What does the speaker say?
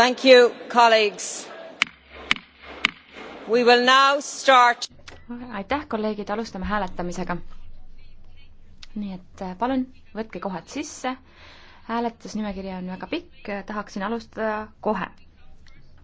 Thank you, colleagues. We will now start. aitäh, kolleegid, alustame hääletamisega. nii et äh, palun võtke kohad sisse. hääletusnimekiri on väga pikk, tahaksin alustada kohe